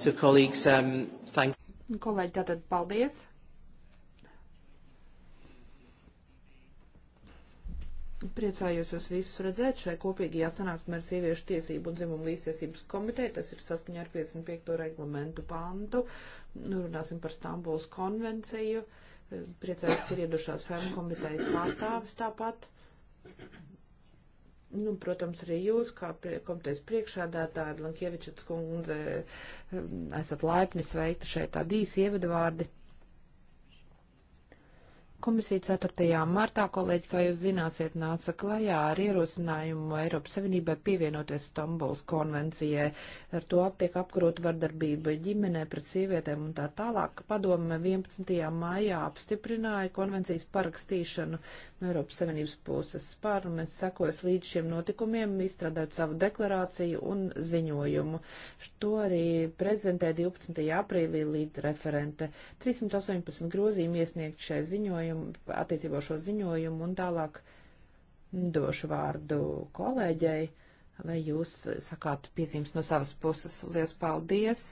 So, colleagues, um, thank... Kolēģi, tātad paldies. Priecājos jūs visus redzēt šai kopīgajā sanāksmē ar sieviešu tiesību un dzimumu līdztiesības komiteju. Tas ir saskaņā ar 55. reglamentu pantu. Nu, runāsim par Stambuls konvenciju. Priecājos, ka ir iedušās FEM komitejas pārstāvis tāpat. Nu, protams, arī jūs, kā komitejas priekšādātāja, Blankieviča kundze, um, esat laipni sveikti šeit tādi īsi ievadvārdi. Komisija 4. martā, kolēģi, kā jūs zināsiet, nāca klajā ar ierosinājumu Eiropas Savienībai pievienoties Stambuls konvencijai. Ar to tiek apkarota vardarbība ģimenē pret sievietēm un tā tālāk. Padome 11. maijā apstiprināja konvencijas parakstīšanu no Eiropas Savienības puses. Parlaments sekojas līdz šiem notikumiem, izstrādājot savu deklarāciju un ziņojumu. To arī prezentē 12. aprīlī līdz referente. 318 grozījumi iesniegt šai ziņojumu ziņojumu, attiecībā šo ziņojumu un tālāk došu vārdu kolēģei, lai jūs sakātu piezīmes no savas puses. Lielas paldies!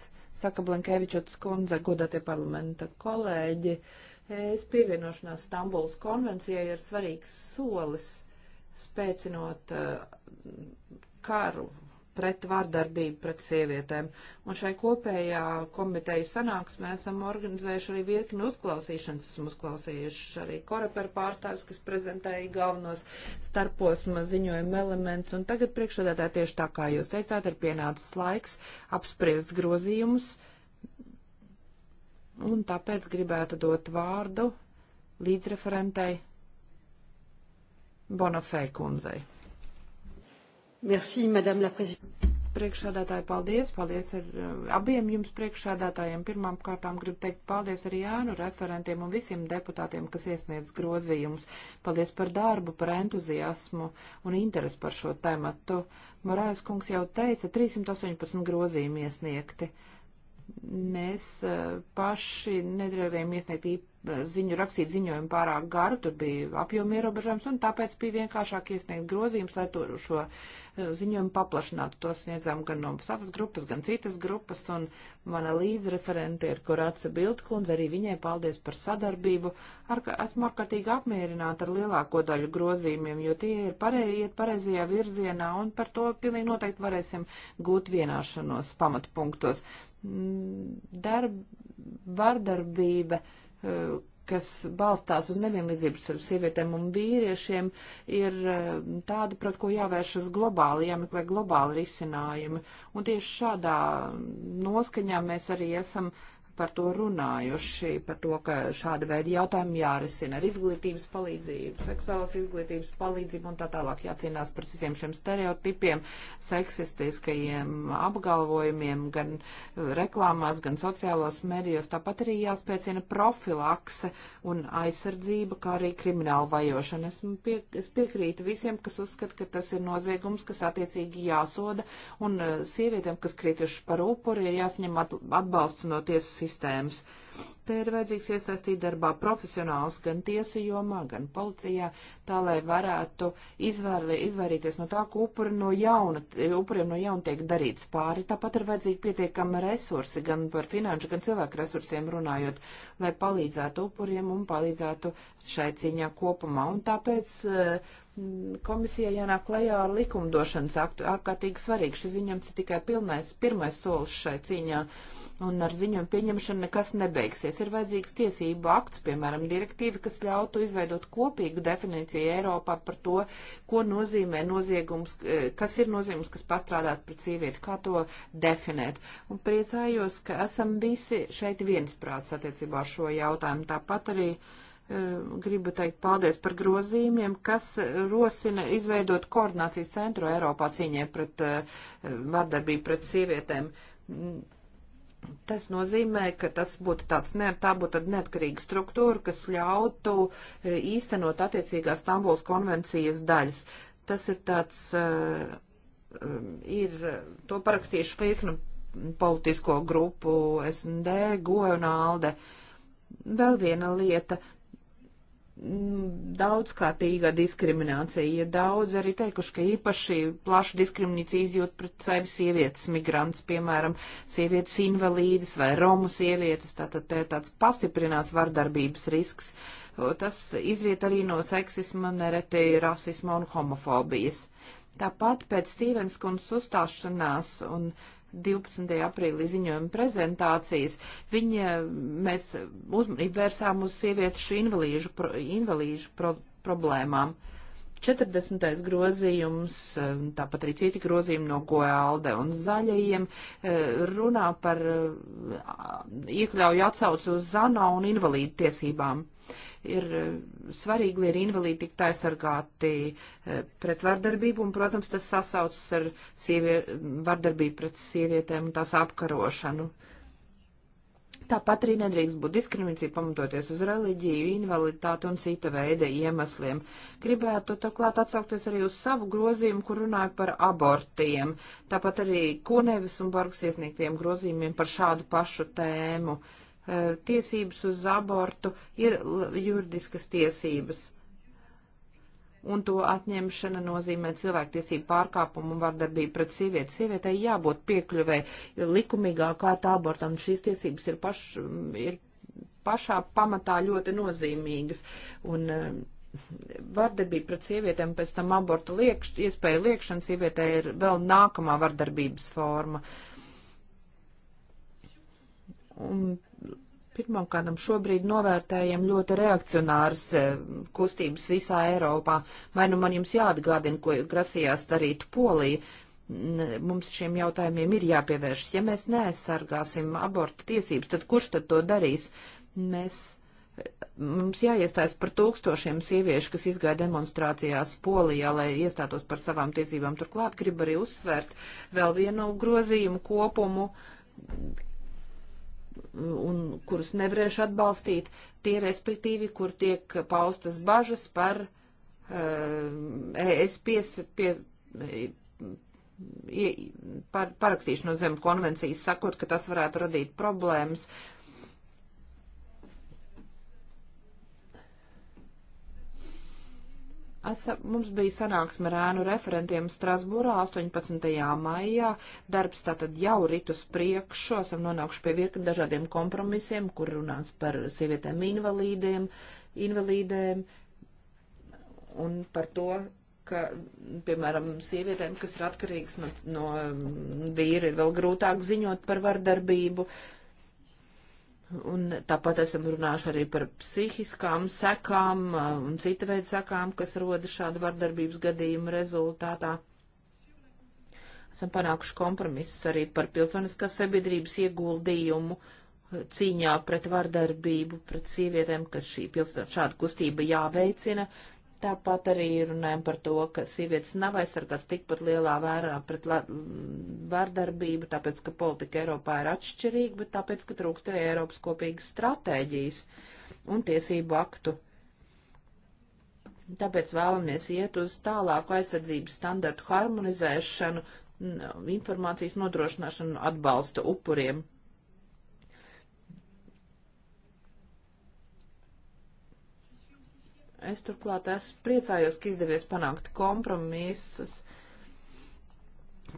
Saka Blankevičots kundze, godātie parlamenta kolēģi, es pievienošanās Stambuls konvencijai ir svarīgs solis spēcinot uh, karu pret vārdarbību pret sievietēm. Un šai kopējā komiteja sanāksmē esam organizējuši arī virkni uzklausīšanas. Esam uzklausījuši arī koreperu pārstāvis, kas prezentēja galvenos starposma ziņojuma elements. Un tagad priekšsēdētā tieši tā kā jūs teicāt, ir pienācis laiks apspriest grozījumus. Un tāpēc gribētu dot vārdu līdzreferentei Bonafē kundzei. Merci, Madame la Prezidente. Priekšsādātāji, paldies. Paldies ar eh, abiem jums priekšsādātājiem. Pirmām kārtām gribu teikt paldies arī Jānu referentiem un visiem deputātiem, kas iesniedz grozījumus. Paldies par darbu, par entuziasmu un interesi par šo tematu. Morājas kungs jau teica, 318 grozījumi iesniegti mēs eh, paši nedarījām iesniegt īpaši ziņu rakstīt ziņojumu pārāk garu, tur bija apjomu ierobežojums, un tāpēc bija vienkāršāk iesniegt grozījums, lai to šo eh, ziņojumu paplašinātu. To sniedzām gan no savas grupas, gan citas grupas, un mana līdzreferente ir Korāca Bildkundze, arī viņai paldies par sadarbību. Ar, esmu ārkārtīgi apmierināta ar lielāko daļu grozījumiem, jo tie ir pareizi, iet pareizajā virzienā, un par to pilnīgi noteikti varēsim gūt vienāšanos pamatpunktos. Mm, darb, vardarbība Eh, kas balstās uz nevienlīdzību starp sievietēm un vīriešiem, ir eh, tāda, pret ko jāvēršas globāli, jāmeklē globāli risinājumi. Un tieši šādā noskaņā mēs arī esam uh, par to runājuši, par to, ka šāda veida jautājumi jārisina ar izglītības palīdzību, seksuālas izglītības palīdzību un tā tālāk jācīnās par visiem šiem stereotipiem, seksistiskajiem apgalvojumiem, gan uh, reklāmās, gan sociālos medijos. Tāpat arī jāspēcina profilakse un aizsardzība, kā arī krimināla vajošana. Esmu pie, es piekrītu visiem, kas uzskata, ka tas ir noziegums, kas attiecīgi jāsoda, un uh, sievietēm, kas krituši par upuri, ir jāsaņem atbalsts no tiesu sistēmas sistēmas. Te ir vajadzīgs iesaistīt darbā profesionāls gan tiesu jomā, gan policijā, tā lai varētu izvēli, izvairīties no tā, ka upuri no jauna, upuriem no jauna tiek darīts pāri. Tāpat ir vajadzīgi pietiekami resursi, gan par finanšu, gan cilvēku resursiem runājot, lai palīdzētu upuriem un palīdzētu šai cīņā kopumā. Un tāpēc uh, komisija jānāk klajā ar likumdošanas aktu. Ārkārtīgi svarīgi. Šis ziņojums ir tikai pilnais, pirmais solis šai cīņā. Un ar ziņojumu pieņemšanu nekas nebeigsies. Ir vajadzīgs tiesību akts, piemēram, direktīva, kas ļautu izveidot kopīgu definīciju Eiropā par to, ko nozīmē noziegums, eh, kas ir noziegums, kas pastrādāt pret sievieti, kā to definēt. Un priecājos, ka esam visi šeit viensprāts attiecībā ar šo jautājumu. Tāpat arī. Uh, Ehm, gribu teikt paldies par grozījumiem, kas rosina izveidot koordinācijas centru Eiropā cīņai pret eh, vardarbību pret sievietēm. Tas nozīmē, ka tas būtu tāds, ne, tā būtu tad neatkarīga struktūra, kas ļautu eh, īstenot attiecīgās Stambuls konvencijas daļas. Tas ir tāds, eh, ehm, ir, to parakstījuši virkni politisko grupu SND, Goja e un Alde. Vēl viena lieta daudzkārtīga diskriminācija. Ja daudz arī teikuši, ka īpaši plaša diskriminācija izjūt pret sevi sievietes migrants, piemēram, sievietes invalīdes vai romu sievietes, tātad tā, tāds pastiprinās vardarbības risks. Tas izviet arī no seksisma, nereti rasisma un homofobijas. Tāpat pēc Stīvenskundas uzstāšanās un uh, 12. aprīlī ziņojuma prezentācijas, viņa, mēs uzmanību vērsām uz sieviešu invalīžu, pro, invalīžu pro, problēmām. Uh, 40. grozījums, um, tāpat arī citi grozījumi no Goalde un Zaļajiem uh, runā par uh, iekļauju atsaucu uz ZANO un invalīdu tiesībām. Ir uh, svarīgi, lai ir invalīdi tik taisargāti pret vardarbību, un, protams, tas sasaucas ar sievie, vardarbību pret sievietēm un tās apkarošanu. Uh, Tāpat arī nedrīkst būt diskriminācija pamatoties uz reliģiju, invaliditāti un cita veida iemesliem. Gribētu to klāt atsaukties arī uz savu grozījumu, kur runāju par abortiem. Tāpat arī Kunevis un Borgs iesniegtiem grozījumiem par šādu pašu tēmu. Eh, tiesības uz abortu ir juridiskas tiesības un to atņemšana nozīmē cilvēktiesību pārkāpumu un vardarbību pret sievieti. Sievietei jābūt piekļuvē likumīgā kārtā abortam. Šīs tiesības ir, paš, ir pašā pamatā ļoti nozīmīgas. Un, eh, Vardarbība pret sievietēm pēc tam abortu liekš, iespēju liekšana sievietē ir vēl nākamā vardarbības forma. Un Pirmkārt, šobrīd novērtējam ļoti reakcionāras e, kustības visā Eiropā. Vai nu man jums jāatgādina, ko grasījās darīt Polija? Mums šiem jautājumiem ir jāpievēršas. Ja mēs neaizsargāsim abortu tiesības, tad kurš tad to darīs? Mēs e, mums jāiestājas par tūkstošiem sieviešu, kas izgāja demonstrācijās Polijā, lai iestātos par savām tiesībām. Turklāt grib arī uzsvērt vēl vienu grozījumu kopumu, un kurus nevarēšu atbalstīt, tie respektīvi, kur tiek paustas bažas par uh, eh, ES pies, pie, ie, par, parakstīšanu zem konvencijas, sakot, ka tas varētu radīt problēmas Esa, mums bija sanāksme ar ēnu referentiem Strasbūrā 18. maijā. Darbs tātad jau rit uz priekšu. Esam nonākuši pie virkni dažādiem kompromisiem, kur runāts par sievietēm invalīdiem, invalīdēm un par to, ka, piemēram, sievietēm, kas ir atkarīgas no, no mm, vīra, ir vēl grūtāk ziņot par vardarbību. Uh, Un tāpat esam runājuši arī par psihiskām sekām un cita veida sekām, kas rodas šāda vardarbības gadījuma rezultātā. Esam panākuši kompromisus arī par pilsoniskās sabiedrības ieguldījumu cīņā pret vardarbību, pret sievietēm, ka šī pilsonā šāda kustība jāveicina. Uh, Tāpat arī runājam par to, ka sievietes nav aizsargās tikpat lielā vērā pret vardarbību, tāpēc, ka politika Eiropā ir atšķirīga, bet tāpēc, ka trūkst arī Eiropas kopīgas stratēģijas un tiesību aktu. Tāpēc vēlamies iet uz tālāku aizsardzības standartu harmonizēšanu, informācijas nodrošināšanu atbalsta upuriem. Es turklāt es priecājos, ka izdevies panākt kompromisus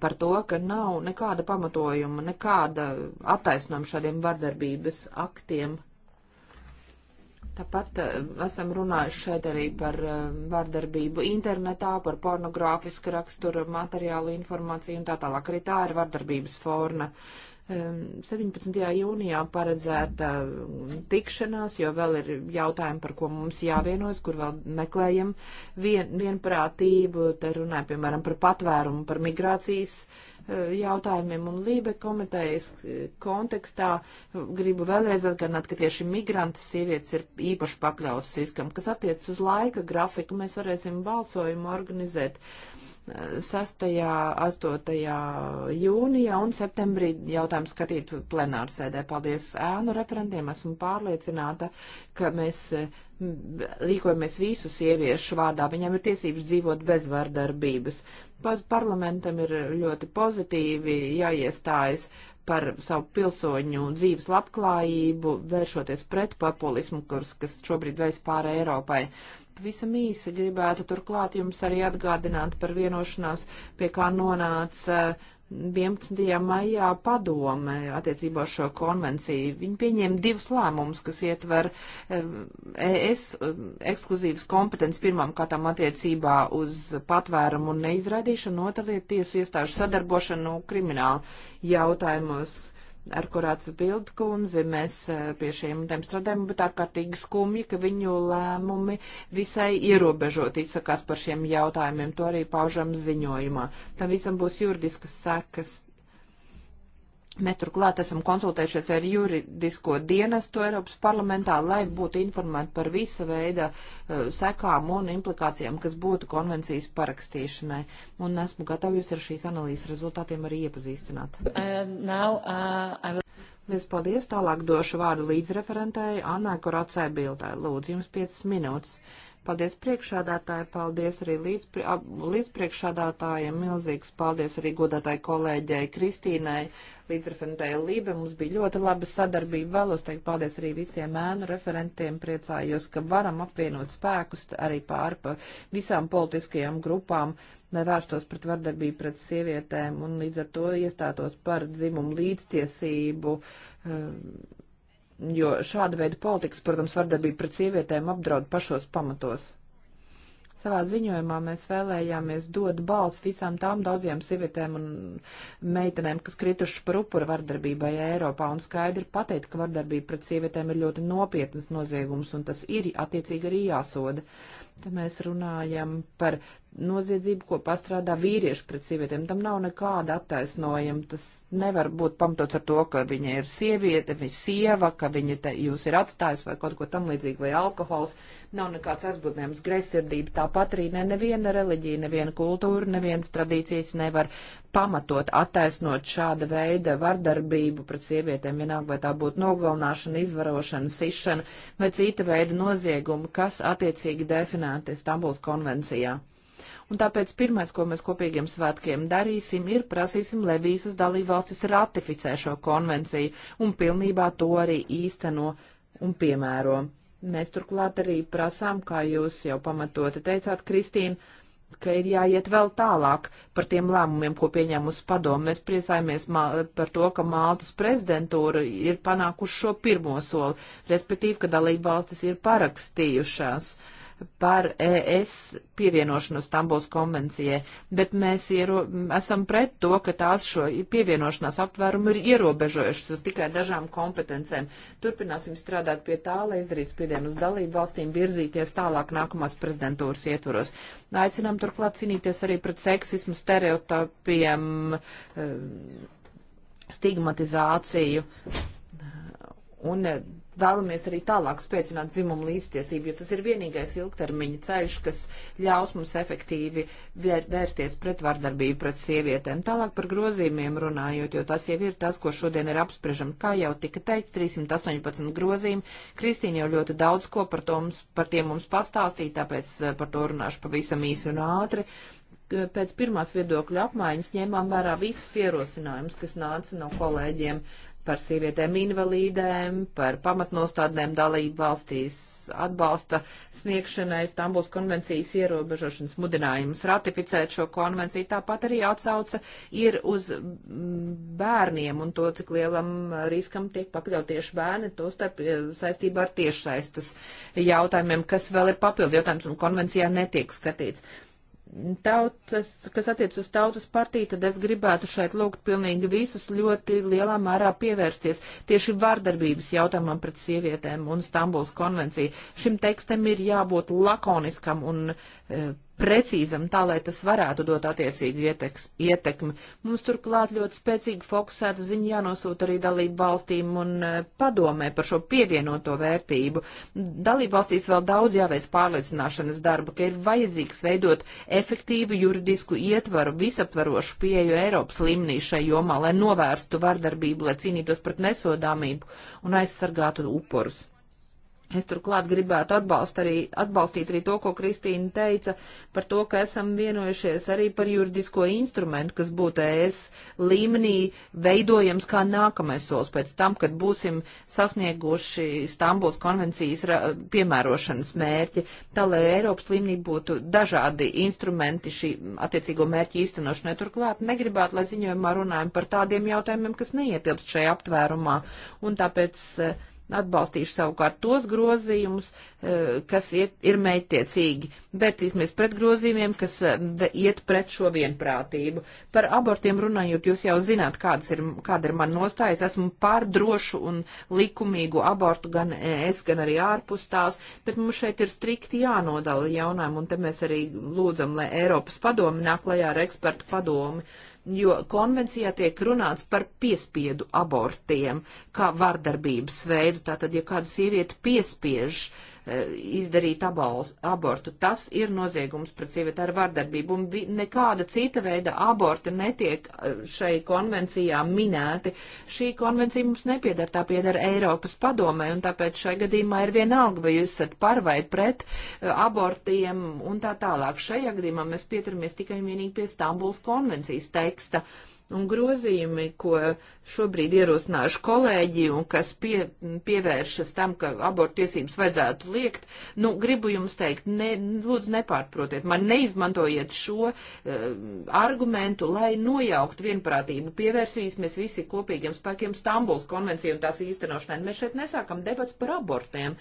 par to, ka nav nekāda pamatojuma, nekāda attaisnojuma šādiem vardarbības aktiem. Tāpat eh, esam runājuši šeit arī par eh, vardarbību internetā, par pornogrāfiska rakstura materiālu informāciju un tā tālāk. Arī tā ir vardarbības forma. 17. jūnijā paredzēta um, tikšanās, jo vēl ir jautājumi, par ko mums jāvienos, kur vēl meklējam vien, vienprātību. Te runāja, piemēram, par patvērumu, par migrācijas e, jautājumiem un Lībe komitejas e, kontekstā. Gribu vēlreiz atgādināt, ka tieši migranti sievietes ir īpaši pakļautas riskam, kas attiec uz laika grafiku. Mēs varēsim balsojumu organizēt. Uh, 6. 8. jūnijā un septembrī jautājumu skatīt plenārsēdē. Paldies ēnu referentiem, esmu pārliecināta, ka mēs rīkojamies visu sieviešu vārdā. Viņam ir tiesības dzīvot bez vardarbības. Parlamentam ir ļoti pozitīvi jāiestājas. Ja par savu pilsoņu dzīves labklājību, vēršoties pret populismu, kurs, kas šobrīd veids pāri Eiropai. Pavisam īsi gribētu turklāt jums arī atgādināt par vienošanās, pie kā nonāca 11. maijā padome attiecībā ar šo konvenciju. Viņi pieņēma divus lēmumus, kas ietver eh, ES eh, ekskluzīvas kompetences pirmām kārtām attiecībā uz patvērumu un neizraidīšanu, otrā lieta tiesu iestāžu sadarbošanu kriminālu jautājumos ar kurāts bildu kundzi mēs eh, pie šiem tēm strādājam, bet ārkārtīgi skumji, ka viņu lēmumi visai ierobežot izsakās par šiem jautājumiem. To arī paužam ziņojumā. Tam visam būs juridiskas sekas Mēs turklāt esam konsultējušies ar juridisko dienestu Eiropas parlamentā, lai būtu informēti par visa veida uh, sekām un implikācijām, kas būtu konvencijas parakstīšanai. Un esmu gatavi jūs ar šīs analīzes rezultātiem arī iepazīstināt. Uh, now, uh, will... Lies paldies, tālāk došu vārdu līdzreferentēji Annai Koracē Bildai. Lūdzu, jums 5 minūtes. Uh, Paldies priekšādātāji, paldies arī līdzpriekšādātājiem, milzīgs paldies arī godātāji kolēģei Kristīnai, līdzreferentēja Lībe. Mums bija ļoti laba sadarbība. Vēlos teikt paldies arī visiem ēnu referentiem. Priecājos, ka varam apvienot spēkus arī pāri pa visām politiskajām grupām lai vērstos pret vardarbību pret sievietēm un līdz ar to iestātos par dzimumu līdztiesību. Um, jo šāda veida politikas, protams, vardarbība pret sievietēm apdraud pašos pamatos. Savā ziņojumā mēs vēlējāmies dot balsi visām tām daudziem sievietēm un meitenēm, kas krituši par upuru vardarbībai Eiropā un skaidri pateikt, ka vardarbība pret sievietēm ir ļoti nopietnas noziegums un tas ir attiecīgi arī jāsoda. Te mēs runājam par noziedzību, ko pastrādā vīrieši pret sievietēm. Tam nav nekāda attaisnojuma. Tas nevar būt pamatots ar to, ka viņa ir sieviete, viņa sieva, ka viņa te jūs ir atstājusi vai kaut ko tam līdzīgu vai alkohols. Nav nekāds aizbildnējums greizsirdība, tāpat arī ne neviena reliģija, neviena kultūra, nevienas tradīcijas nevar pamatot, attaisnot šāda veida vardarbību pret sievietēm, vienalga vai tā būtu nogalināšana, izvarošana, sišana vai cita veida nozieguma, kas attiecīgi definēti Stambuls konvencijā. Un tāpēc pirmais, ko mēs kopīgiem svētkiem darīsim, ir prasīsim, lai visas dalībvalstis ratificē šo konvenciju un pilnībā to arī īsteno un piemēro. Mēs turklāt arī prasām, kā jūs jau pamatoti teicāt, Kristīna, ka ir jāiet vēl tālāk par tiem lēmumiem, ko pieņēmusi padomu. Mēs priecājamies par to, ka Maltas prezidentūra ir panākuši šo pirmo soli, respektīvi, ka dalība valstis ir parakstījušās uh, par ES pievienošanos Stambuls konvencijai, bet mēs iero, esam pret to, ka tās šo pievienošanās aptvērumu ir ierobežojušas uz tikai dažām kompetencēm. Turpināsim strādāt pie tā, lai izdarītu spiedienu uz dalību valstīm virzīties tālāk nākamās prezidentūras ietvaros. Aicinām turklāt cīnīties arī pret seksismu stereotopiem, eh, stigmatizāciju un eh, vēlamies arī tālāk spēcināt dzimumu līdztiesību, jo tas ir vienīgais ilgtermiņa ceļš, kas ļaus mums efektīvi vērsties pret vardarbību pret sievietēm. Tālāk par grozījumiem runājot, jo tas jau ir tas, ko šodien ir apspriežam. Kā jau tika teikts, 318 grozījumi. Kristīna jau ļoti daudz ko par, to mums, par tiem mums pastāstīja, tāpēc eh, par to runāšu pavisam īsi un ātri pēc pirmās viedokļa apmaiņas ņēmām vērā visus ierosinājumus, kas nāca no kolēģiem par sievietēm invalīdēm, par pamatnostādnēm dalību valstīs atbalsta sniegšanai Stambuls konvencijas ierobežošanas mudinājumus ratificēt šo konvenciju. Tāpat arī atsauca ir uz bērniem un to, cik lielam riskam tiek pakļaut tieši bērni, to starp e, saistībā ar tiešsaistas jautājumiem, kas vēl ir papildu jautājums un konvencijā netiek skatīts tautas, kas attiec uz tautas partiju, tad es gribētu šeit lūgt pilnīgi visus ļoti lielā mērā pievērsties tieši vardarbības jautājumam pret sievietēm un Stambuls konvenciju. Šim tekstam ir jābūt lakoniskam un e, precīzam, tā lai tas varētu dot attiecīgu ieteks, ietekmi. Mums turklāt ļoti spēcīgi fokusēta ziņa jānosūta arī dalību valstīm un e, padomē par šo pievienoto vērtību. Dalību valstīs vēl daudz jāveic pārliecināšanas darba, ka ir vajadzīgs veidot efektīvu juridisku ietvaru, visaptvarošu pieju Eiropas līmenī šai jomā, lai novērstu vardarbību, lai cīnītos pret nesodāmību un aizsargātu upurus. Es turklāt gribētu atbalst arī, atbalstīt arī to, ko Kristīna teica par to, ka esam vienojušies arī par juridisko instrumentu, kas būtu ES līmenī veidojams kā nākamais solis pēc tam, kad būsim sasnieguši Stambuls konvencijas piemērošanas mērķi, tā lai Eiropas līmenī būtu dažādi instrumenti šī attiecīgo mērķu īstenošanai. Turklāt negribētu, lai ziņojumā runājam par tādiem jautājumiem, kas neietilpst šajā aptvērumā. Un tāpēc uh, atbalstīšu savukārt tos grozījumus, eh, kas iet, ir mētiecīgi. Vērtīsimies pret grozījumiem, kas eh, iet pret šo vienprātību. Par abortiem runājot, jūs jau zināt, kādas ir, kāda ir man nostājas. Esmu pār drošu un likumīgu abortu gan es, gan arī ārpus tās, bet mums šeit ir strikti jānodala jaunām, un te mēs arī lūdzam, lai Eiropas padomi nāk lajā ar ekspertu padomi jo konvencijā tiek runāts par piespiedu abortiem, kā vardarbības veidu. Tātad, ja kāda sieviete piespiež uh, E, izdarīt abals, abortu. Tas ir noziegums pret sievieti ar vardarbību, un nekāda cita veida aborta netiek e, šai konvencijā minēti. Šī konvencija mums nepiedara, tā piedara Eiropas padomē, un tāpēc šai gadījumā ir vienalga, vai jūs esat par vai pret e, abortiem un tā tālāk. Šajā gadījumā mēs pieturamies tikai un vienīgi pie Stambuls konvencijas teksta. Uh, un grozījumi, ko šobrīd ierosināšu kolēģi un kas pie, pievēršas tam, ka abortu tiesības vajadzētu liekt, nu, gribu jums teikt, ne, lūdzu nepārprotiet, man neizmantojiet šo uh, argumentu, lai nojauktu vienprātību. Pievērsīsimies visi kopīgiem spēkiem Stambuls konvencijai un tās īstenošanai. Mēs šeit nesākam debats par abortiem.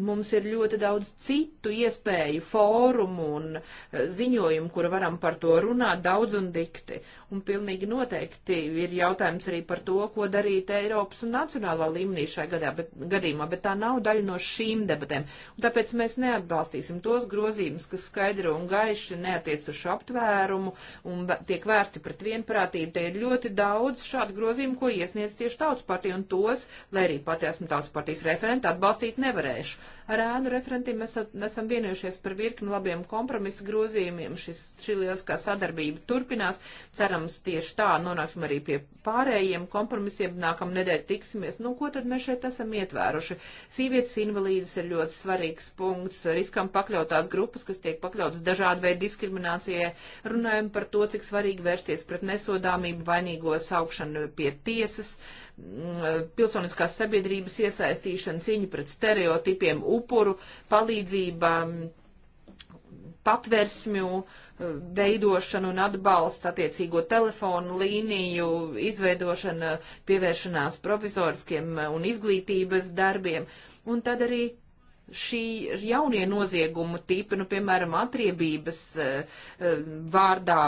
Mums ir ļoti daudz citu iespēju, fórumu un eh, ziņojumu, kur varam par to runāt daudz un dikti. Un pilnīgi noteikti ir jautājums arī par to, ko darīt Eiropas un nacionālā līmenī šai gadā, bet, gadījumā, bet tā nav daļa no šīm debatēm. Un tāpēc mēs neatbalstīsim tos grozījumus, kas skaidri un gaiši neatiec uz šo aptvērumu un tiek vērsti pret vienprātību. Te ir ļoti daudz šādu grozījumu, ko iesniedz tieši tautas partija un tos, lai arī pati esmu tautas partijas referenta, atbalstīt nevarēšu Ar ēnu referentiem esat, esam vienojušies par virkni labiem kompromisu grozījumiem. Šis, šī lieliskā sadarbība turpinās. Cerams, tieši tā nonāksim arī pie pārējiem kompromisiem. Nākam nedēļ tiksimies. Nu, ko tad mēs šeit esam ietvēruši? Sīvietas invalīdas ir ļoti svarīgs punkts. Riskam pakļautās grupas, kas tiek pakļautas dažādu veidu diskriminācijai. Runājam par to, cik svarīgi vērsties pret nesodāmību, vainīgo saukšanu pie tiesas. Uh, pilsoniskās sabiedrības iesaistīšana, cīņa pret stereotipiem, upuru, palīdzība, patversmju eh, veidošana un atbalsts, attiecīgo telefonu līniju izveidošana, pievēršanās provizoriskiem un izglītības darbiem. Un tad arī šī jaunie noziegumu tipi, nu, piemēram, atriebības eh, eh, vārdā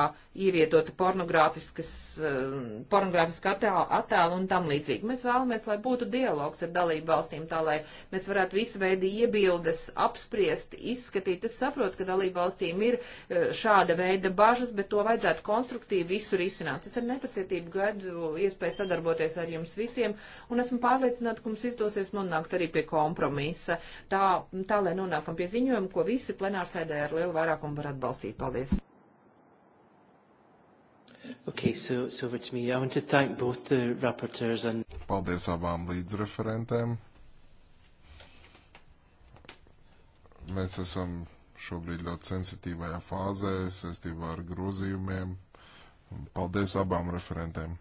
ievietota pornogrāfiskas, eh, pornogrāfiska attēla, attēla un tam līdzīgi. Mēs vēlamies, lai būtu dialogs ar dalību valstīm, tā lai mēs varētu visu veidu iebildes apspriest, izskatīt. Es saprotu, ka dalību valstīm ir šāda veida bažas, bet to vajadzētu konstruktīvi visu risināt. Es ar nepacietību gaidu iespēju sadarboties ar jums visiem, un esmu pārliecināta, ka mums izdosies nonākt arī pie kompromisa. Tā tā lai nonākam pie ziņojuma, ko visi plenārsēdē ar lielu vairākumu var atbalstīt. Paldies! Okay, so, so over to me. I want to thank both the rapporteurs and... Paldies abām līdzreferentēm. Mēs esam šobrīd ļoti sensitīvajā fāzē saistībā ar grozījumiem. Paldies abām referentēm.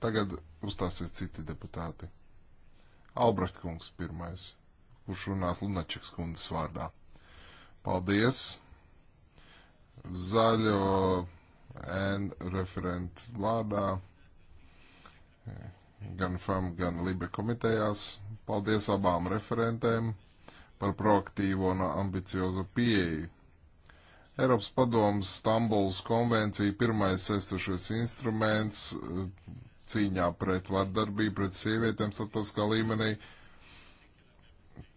Tagad uzstāsies citi deputāti. Albrecht kungs pirmais kurš runās Lunačiks kundzes vārdā. Paldies! Zaļo N referentu vārdā, gan FAM, gan LIBE komitejās. Paldies abām referentēm par proaktīvo un ambiciozo pieeju. Eiropas padomas Stambuls konvencija pirmais saistošais instruments eh, cīņā pret vardarbību, pret sievietēm starptautiskā līmenī. Uh,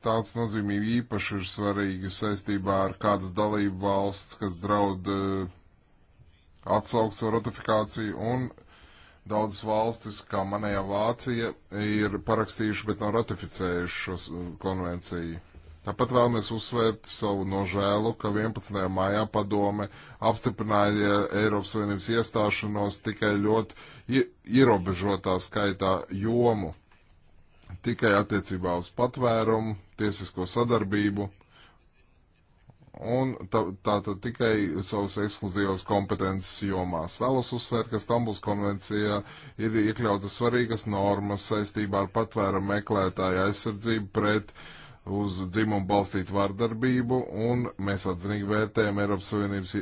tāds nozīmīgi īpaši ir svarīgi saistībā ar kādas dalību valsts, kas draud eh, atsaukt savu ratifikāciju, un daudzas valstis, kā manējā Vācija, ir parakstījuši, bet nav ratificējuši šo eh, konvenciju. Tāpat vēlamies uzsvērt savu nožēlu, ka 11. maijā padome apstiprināja Eiropas Savienības iestāšanos tikai ļoti ierobežotā skaitā jomu tikai attiecībā uz patvērumu, tiesisko sadarbību un tā, tā tad tikai savas ekskluzīvās kompetences jomās. Vēlos uzsvērt, ka Stambuls konvencijā ir iekļautas svarīgas normas saistībā ar patvērumu meklētāju aizsardzību pret uz dzimumu balstītu vardarbību, un mēs atzinīgi vērtējam Eiropas Savienības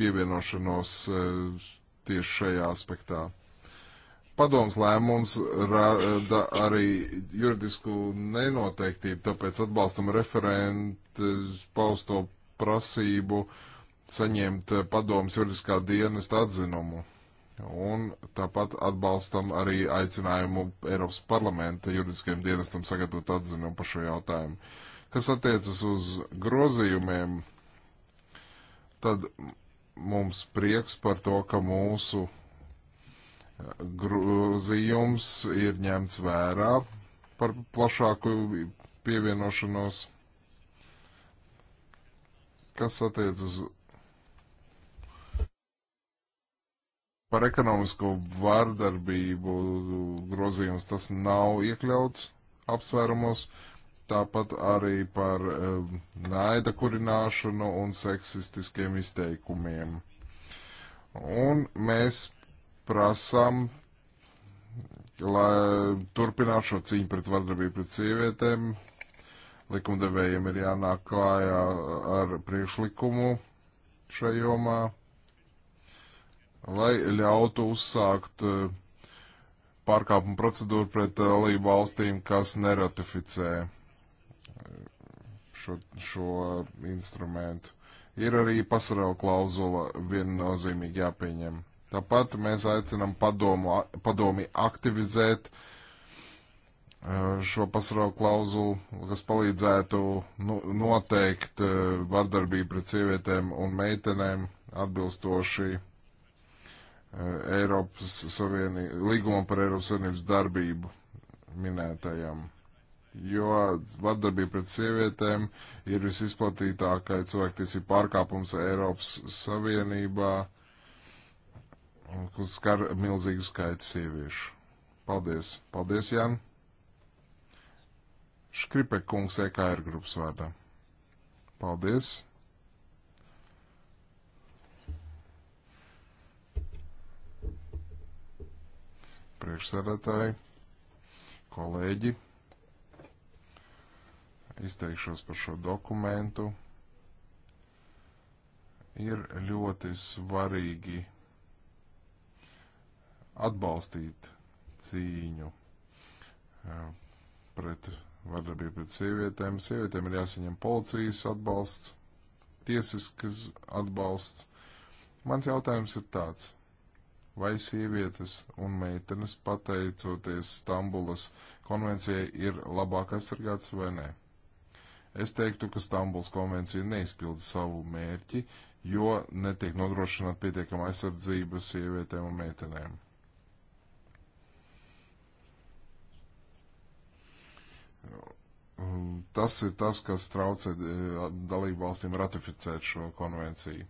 pievienošanos eh, tieši šajā aspektā padoms lēmums rada arī juridisku nenoteiktību, tāpēc atbalstam referentu pausto prasību saņemt padoms juridiskā dienesta atzinumu. Un tāpat atbalstam arī aicinājumu Eiropas parlamenta juridiskajam dienestam sagatavot atzinumu par šo jautājumu. Kas attiecas uz grozījumiem, tad mums prieks par to, ka mūsu grozījums ir ņemts vērā par plašāku pievienošanos, kas attiecas par ekonomisko vardarbību grozījums, tas nav iekļauts apsvērumos, tāpat arī par eh, naida kurināšanu un seksistiskiem izteikumiem. Un mēs prasām, lai turpinātu šo cīņu pret vardarbību pret sievietēm. Likumdevējiem ir jānāk klājā ar priekšlikumu šajā jomā, lai ļautu uzsākt eh, pārkāpumu procedūru pret eh, dalību valstīm, kas neratificē eh, šo, šo instrumentu. Ir arī pasarela klauzula viennozīmīgi jāpieņem. Tāpat mēs aicinam padomu, padomi aktivizēt eh, šo pasarau klauzulu, kas palīdzētu nu, noteikt eh, vardarbību pret sievietēm un meitenēm atbilstoši eh, Eiropas Savienības līgumam par Eiropas Savienības darbību minētajam. Jo vardarbība pret sievietēm ir visizplatītākais cilvēktiesību pārkāpums Eiropas Savienībā kas skar milzīgu skaitu sieviešu. Paldies. Paldies, Jan. Škripek kungs EKR grupas vārdā. Paldies. Priekšsēdētāji, kolēģi, izteikšos par šo dokumentu. Ir ļoti svarīgi atbalstīt cīņu pret vardarbību pret sievietēm. Sievietēm ir jāsaņem policijas atbalsts, tiesiskas atbalsts. Mans jautājums ir tāds. Vai sievietes un meitenes, pateicoties Stambulas konvencijai, ir labāk aizsargāts vai nē? Es teiktu, ka Stambulas konvencija neizpilda savu mērķi, jo netiek nodrošināta pietiekama aizsardzība sievietēm un meitenēm. Tas ir tas, kas traucē e, dalību valstīm ratificēt šo konvenciju.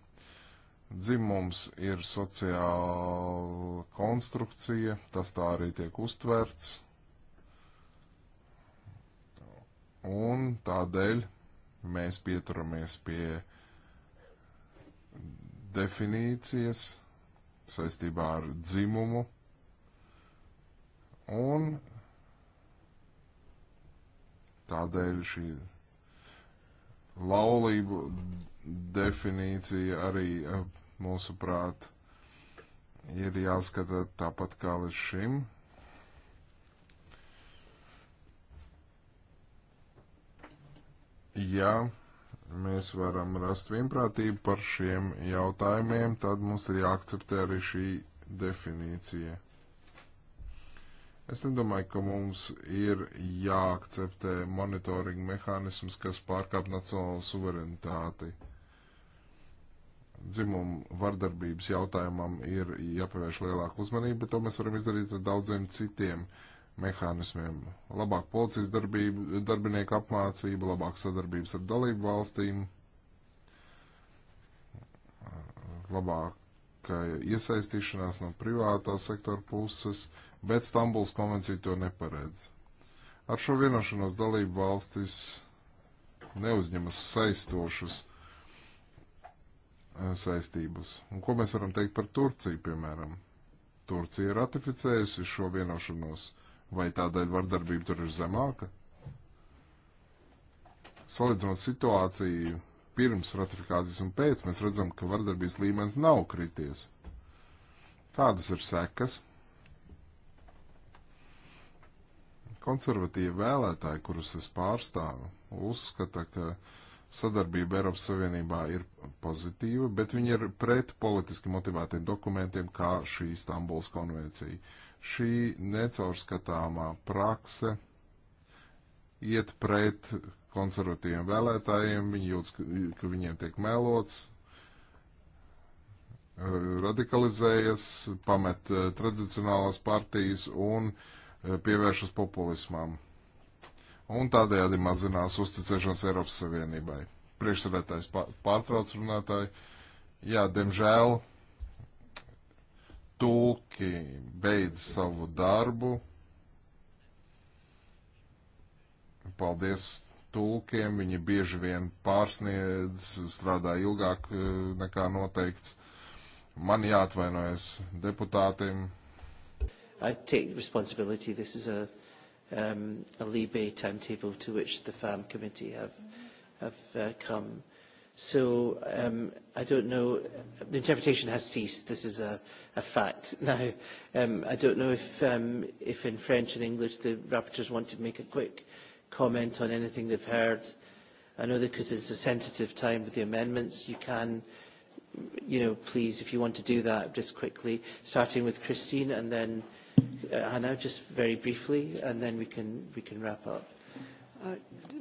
Dzimums ir sociāla konstrukcija, tas tā arī tiek uztverts. Un tādēļ mēs pieturamies pie definīcijas saistībā ar dzimumu un Tādēļ šī laulību definīcija arī eh, mūsuprāt ir jāskata tāpat kā līdz šim. Ja mēs varam rast vienprātību par šiem jautājumiem, tad mums ir jāakceptē arī šī definīcija. Es nedomāju, ka mums ir jāakceptē monitoringa mehānisms, kas pārkāp nacionālo suverenitāti. Dzimumu vardarbības jautājumam ir jāpievērš lielāka uzmanība, bet to mēs varam izdarīt ar daudziem citiem mehānismiem. Labāk policijas darbība, darbinieku apmācība, labāk sadarbības ar dalību valstīm, labāk iesaistīšanās no privātā sektora puses, bet Stambuls konvencija to neparedz. Ar šo vienošanos dalību valstis neuzņemas saistošas eh, saistības. Un ko mēs varam teikt par Turciju, piemēram? Turcija ir ratificējusi šo vienošanos, vai tādēļ vardarbība tur ir zemāka? Salīdzinot situāciju pirms ratifikācijas un pēc, mēs redzam, ka vardarbības līmenis nav krities. Kādas ir sekas? Konservatīvi vēlētāji, kurus es pārstāvu, uzskata, ka sadarbība Eiropas Savienībā ir pozitīva, bet viņi ir pret politiski motivētiem dokumentiem, kā šī Stambuls konvencija. Šī necaurskatāmā prakse iet pret konservatīviem vēlētājiem, viņi jūtas, ka viņiem tiek mēlots, radikalizējas, pamet eh, tradicionālās partijas un uh, Eh, pievēršas populismām un tādējādi mazinās uzticēšanos Eiropas Savienībai. Priekšsēdētājs pārtrauc runātāju. Jā, diemžēl tulki beidz savu darbu. Paldies tulkiem, viņi bieži vien pārsniedz, strādā ilgāk eh, nekā noteikts. Man jāatvainojas deputātiem, I take responsibility. This is a, um, a Libe timetable to which the FAM committee have, have uh, come. So um, I don't know. The interpretation has ceased. This is a, a fact. Now, um, I don't know if, um, if in French and English the rapporteurs want to make a quick comment on anything they've heard. I know that because it's a sensitive time with the amendments, you can, you know, please, if you want to do that, just quickly, starting with Christine and then uh, Hannah, just very briefly, and then we can, we can wrap up. Uh,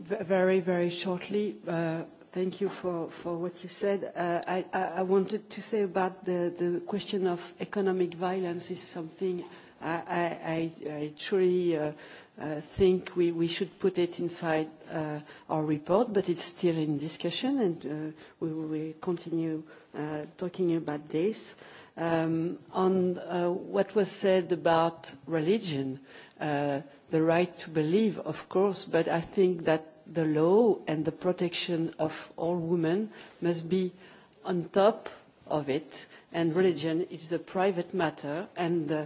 very, very shortly, uh, thank you for, for what you said. Uh, I, I wanted to say about the, the question of economic violence is something I, I, I, I truly uh, uh, think we, we should put it inside uh, our report, but it's still in discussion, and uh, we will continue uh, talking about this. Um, on uh, what was said about religion, uh, the right to believe, of course, but I think that the law and the protection of all women must be on top of it, and religion is a private matter, and uh,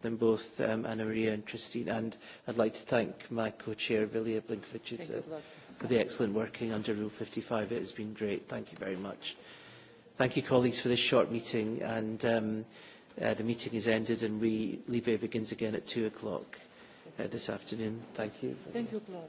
them both, um, Anna Maria and Christine. And I'd like to thank my co-chair, Vilia Blinkovich, uh, for the excellent working under Rule 55. It has been great. Thank you very much. Thank you, colleagues, for this short meeting. And um, uh, the meeting is ended, and we Libe begins again at 2 o'clock uh, this afternoon. Thank you. Thank you, Claude.